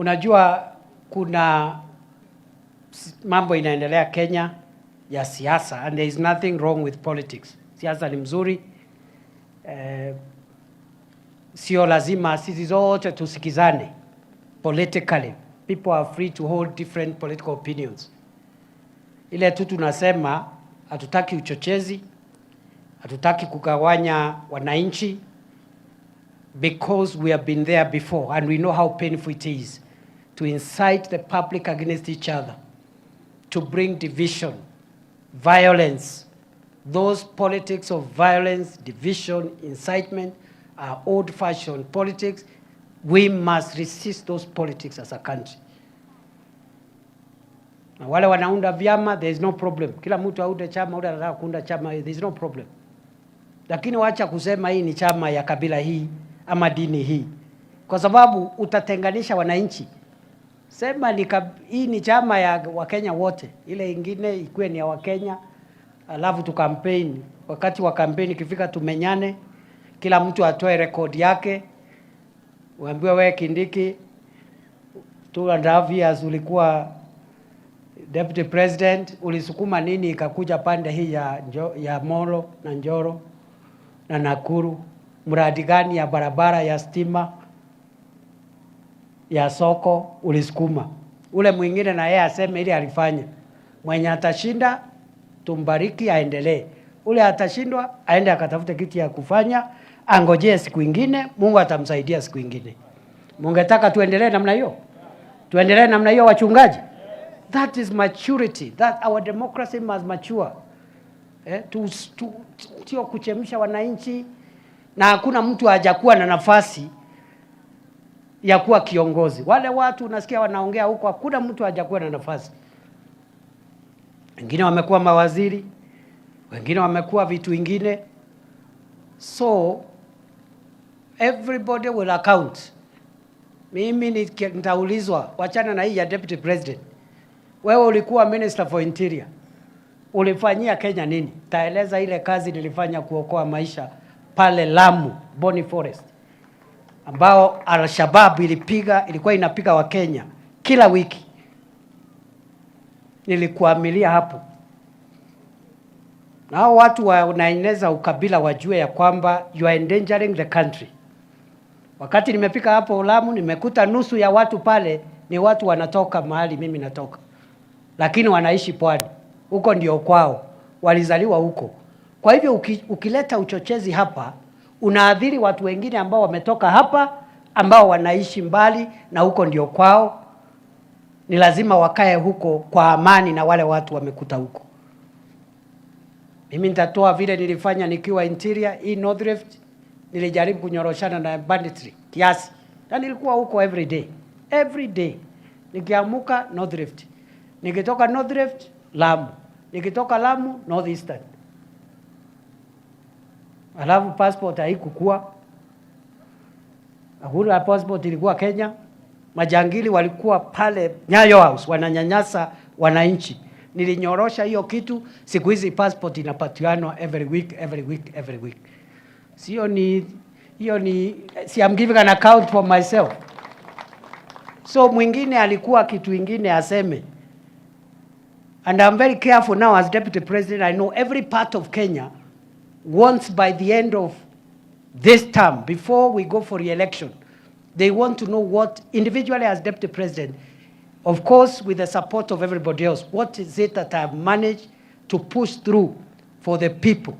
Unajua kuna mambo inaendelea Kenya ya siasa and there is nothing wrong with politics. Siasa ni mzuri eh, sio lazima sisi zote tusikizane politically. People are free to hold different political opinions. Ile tu tunasema hatutaki uchochezi, hatutaki kugawanya wananchi because we have been there before and we know how painful it is to incite the public against each other, to bring division, violence. Those politics of violence, division, incitement are old-fashioned politics. We must resist those politics as a country. Na wale wanaunda vyama, there is no problem. Kila mtu aunde chama, ule anataka kuunda chama, there is no problem. Lakini wacha kusema hii ni chama ya kabila hii ama dini hii, kwa sababu utatenganisha wananchi sema ni kab... hii ni chama ya Wakenya wote, ile ingine ikuwe ni ya Wakenya, alafu tu campaign. Wakati wa campaign ikifika, tumenyane, kila mtu atoe rekodi yake, uambiwe wewe Kindiki, two and a half years ulikuwa deputy president, ulisukuma nini ikakuja pande hii ya, njo, ya Molo na Njoro na Nakuru? Mradi gani ya barabara ya stima ya soko ulisukuma, ule mwingine na yeye aseme ili alifanya. Mwenye atashinda tumbariki, aendelee. Ule atashindwa aende akatafute kitu ya kufanya, angojee siku ingine, Mungu atamsaidia siku ingine. Mungetaka tuendelee namna hiyo, tuendelee namna hiyo, wachungaji. That is maturity that our democracy must mature. Eh, tu, tu, tu, kuchemsha wananchi na hakuna mtu hajakuwa na nafasi ya kuwa kiongozi. Wale watu unasikia wanaongea huko, hakuna mtu hajakuwa na nafasi. Wengine wamekuwa mawaziri, wengine wamekuwa vitu vingine, so everybody will account. Mimi nitaulizwa, wachana na hii ya deputy president. Wewe ulikuwa minister for interior, ulifanyia Kenya nini? Taeleza ile kazi nilifanya kuokoa maisha pale Lamu, Boni Forest ambao Al-Shabaab ilipiga ilikuwa inapiga wa kenya kila wiki. Nilikuamilia hapo na hao watu wanaeneza ukabila wajue ya kwamba you are endangering the country. Wakati nimefika hapo Lamu, nimekuta nusu ya watu pale ni watu wanatoka mahali mimi natoka, lakini wanaishi pwani, huko ndio kwao, walizaliwa huko. Kwa hivyo uki, ukileta uchochezi hapa unaathiri watu wengine ambao wametoka hapa, ambao wanaishi mbali na huko ndio kwao. Ni lazima wakae huko kwa amani na wale watu wamekuta huko. Mimi nitatoa vile nilifanya nikiwa interior hii North Rift, nilijaribu kunyoroshana na banditry kiasi, na nilikuwa huko every day every day, nikiamuka North Rift, nikitoka North Rift Lamu, nikitoka Lamu North Eastern alafu passport haikukua. Uhuru passport ilikuwa Kenya. Majangili walikuwa pale Nyayo House wananyanyasa wananchi. Nilinyorosha hiyo kitu. Siku hizi passport inapatianwa every week, every week, every week. Sio ni hiyo ni si I'm giving an account for myself. So mwingine alikuwa kitu ingine aseme. And I'm very careful now as deputy president I know every part of Kenya wants by the end of this term, before we go for re-election, they want to know what, individually as deputy president, of course with the support of everybody else, what is it that I've managed to push through for the people?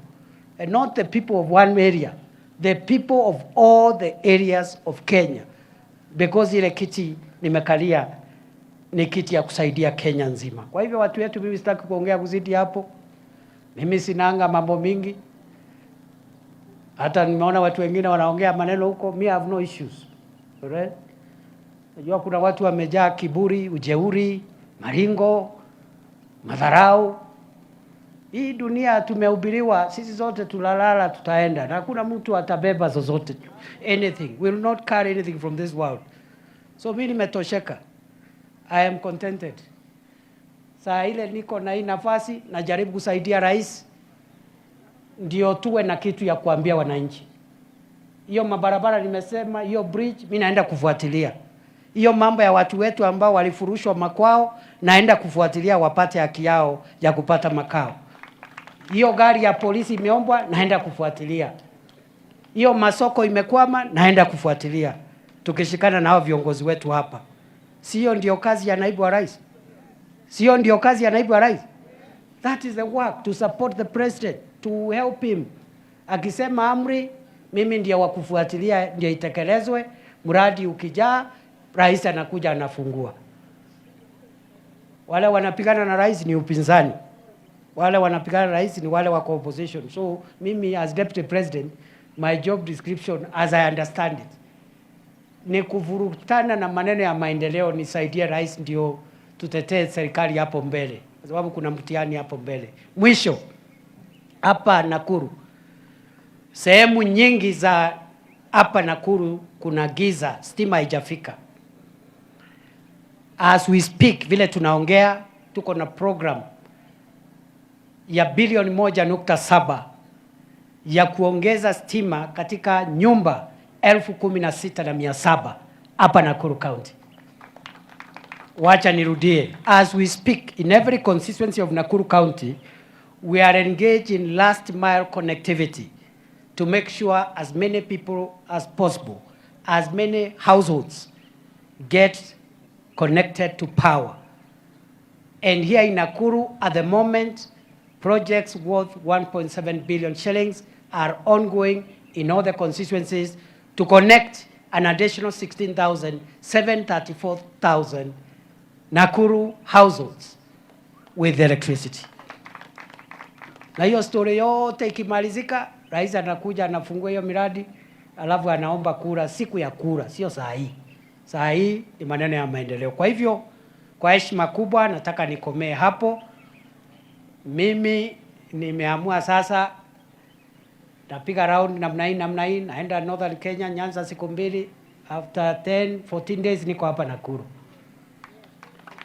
And not the people of one area, the people of all the areas of Kenya. Because ile kiti nimekalia ni kiti ya kusaidia Kenya nzima. Kwa hivyo watu wetu, mimi sitaki kuongea kuzidi hapo. Mimi sinaanga mambo mingi. Hata nimeona watu wengine wanaongea maneno huko, me have no issues. Alright? Najua kuna watu wamejaa kiburi, ujeuri, maringo, madharau. Hii dunia tumehubiriwa sisi zote tulalala, tutaenda na hakuna mtu atabeba zozote, anything we will not carry anything from this world. So mimi nimetosheka, I am contented. Saa ile niko na hii nafasi, najaribu kusaidia rais ndio tuwe na kitu ya kuambia wananchi. Hiyo mabarabara nimesema, hiyo bridge mimi naenda kufuatilia hiyo mambo ya watu wetu ambao walifurushwa makwao, naenda kufuatilia wapate haki yao ya kupata makao. Hiyo gari ya polisi imeombwa, naenda kufuatilia. Hiyo masoko imekwama, naenda kufuatilia, tukishikana na hao viongozi wetu hapa. Sio ndio kazi ya naibu wa rais? Sio ndio kazi ya naibu wa rais? That is the work to support the president to help him. Akisema amri, mimi ndio wakufuatilia, ndio itekelezwe. Mradi ukijaa, rais anakuja anafungua. Wale wanapigana na rais ni upinzani, wale wanapigana na rais ni wale wako opposition. So mimi as deputy president, my job description as I understand it ni kuvurutana na maneno ya maendeleo, nisaidie rais ndio tutetee serikali hapo mbele, kwa sababu kuna mtihani hapo mbele mwisho hapa Nakuru. Sehemu nyingi za hapa Nakuru kuna giza, stima haijafika. As we speak, vile tunaongea, tuko na program ya bilioni moja nukta saba ya kuongeza stima katika nyumba elfu kumi na sita na mia saba hapa Nakuru County. Wacha nirudie, as we speak in every constituency of Nakuru County we are engaged in last mile connectivity to make sure as many people as possible, as many households get connected to power. And here in Nakuru, at the moment, projects worth 1.7 billion shillings are ongoing in all the constituencies to connect an additional 16,000, 734,000 Nakuru households with electricity na hiyo stori yote ikimalizika, rais anakuja anafungua hiyo miradi alafu anaomba kura siku ya kura, sio saa hii. Saa hii ni maneno ya maendeleo. Kwa hivyo, kwa heshima kubwa, nataka nikomee hapo. Mimi nimeamua sasa, napiga round namna hii namna hii, naenda Northern Kenya, Nyanza siku mbili, after 10 14 days niko hapa Nakuru.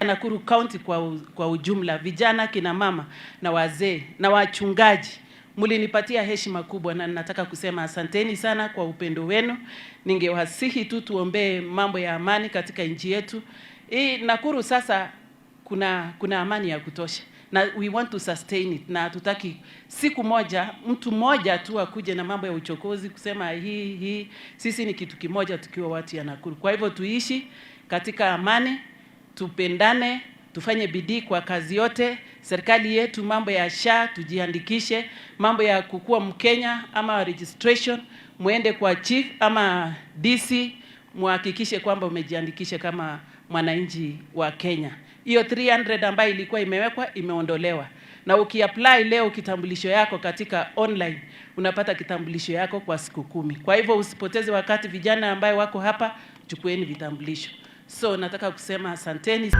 Nakuru County kwa, kwa ujumla, vijana, kina mama na wazee na wachungaji, mlinipatia heshima kubwa, na nataka kusema asanteni sana kwa upendo wenu. Ningewasihi tu tuombee mambo ya amani katika nchi yetu hii. Nakuru sasa kuna kuna amani ya kutosha na we want to sustain it, na tutaki siku moja mtu mmoja tu akuje na mambo ya uchokozi kusema hii hii. Sisi ni kitu kimoja tukiwa watu ya Nakuru, kwa hivyo tuishi katika amani tupendane, tufanye bidii kwa kazi yote serikali yetu, mambo ya SHA tujiandikishe, mambo ya kukua Mkenya ama registration, muende kwa chief ama DC muhakikishe kwamba umejiandikisha kama mwananchi wa Kenya. Hiyo 300 ambayo ilikuwa imewekwa imeondolewa, na ukiapply leo kitambulisho yako katika online unapata kitambulisho yako kwa siku kumi. Kwa hivyo usipoteze wakati, vijana ambayo wako hapa, chukueni vitambulisho. So nataka kusema asanteni.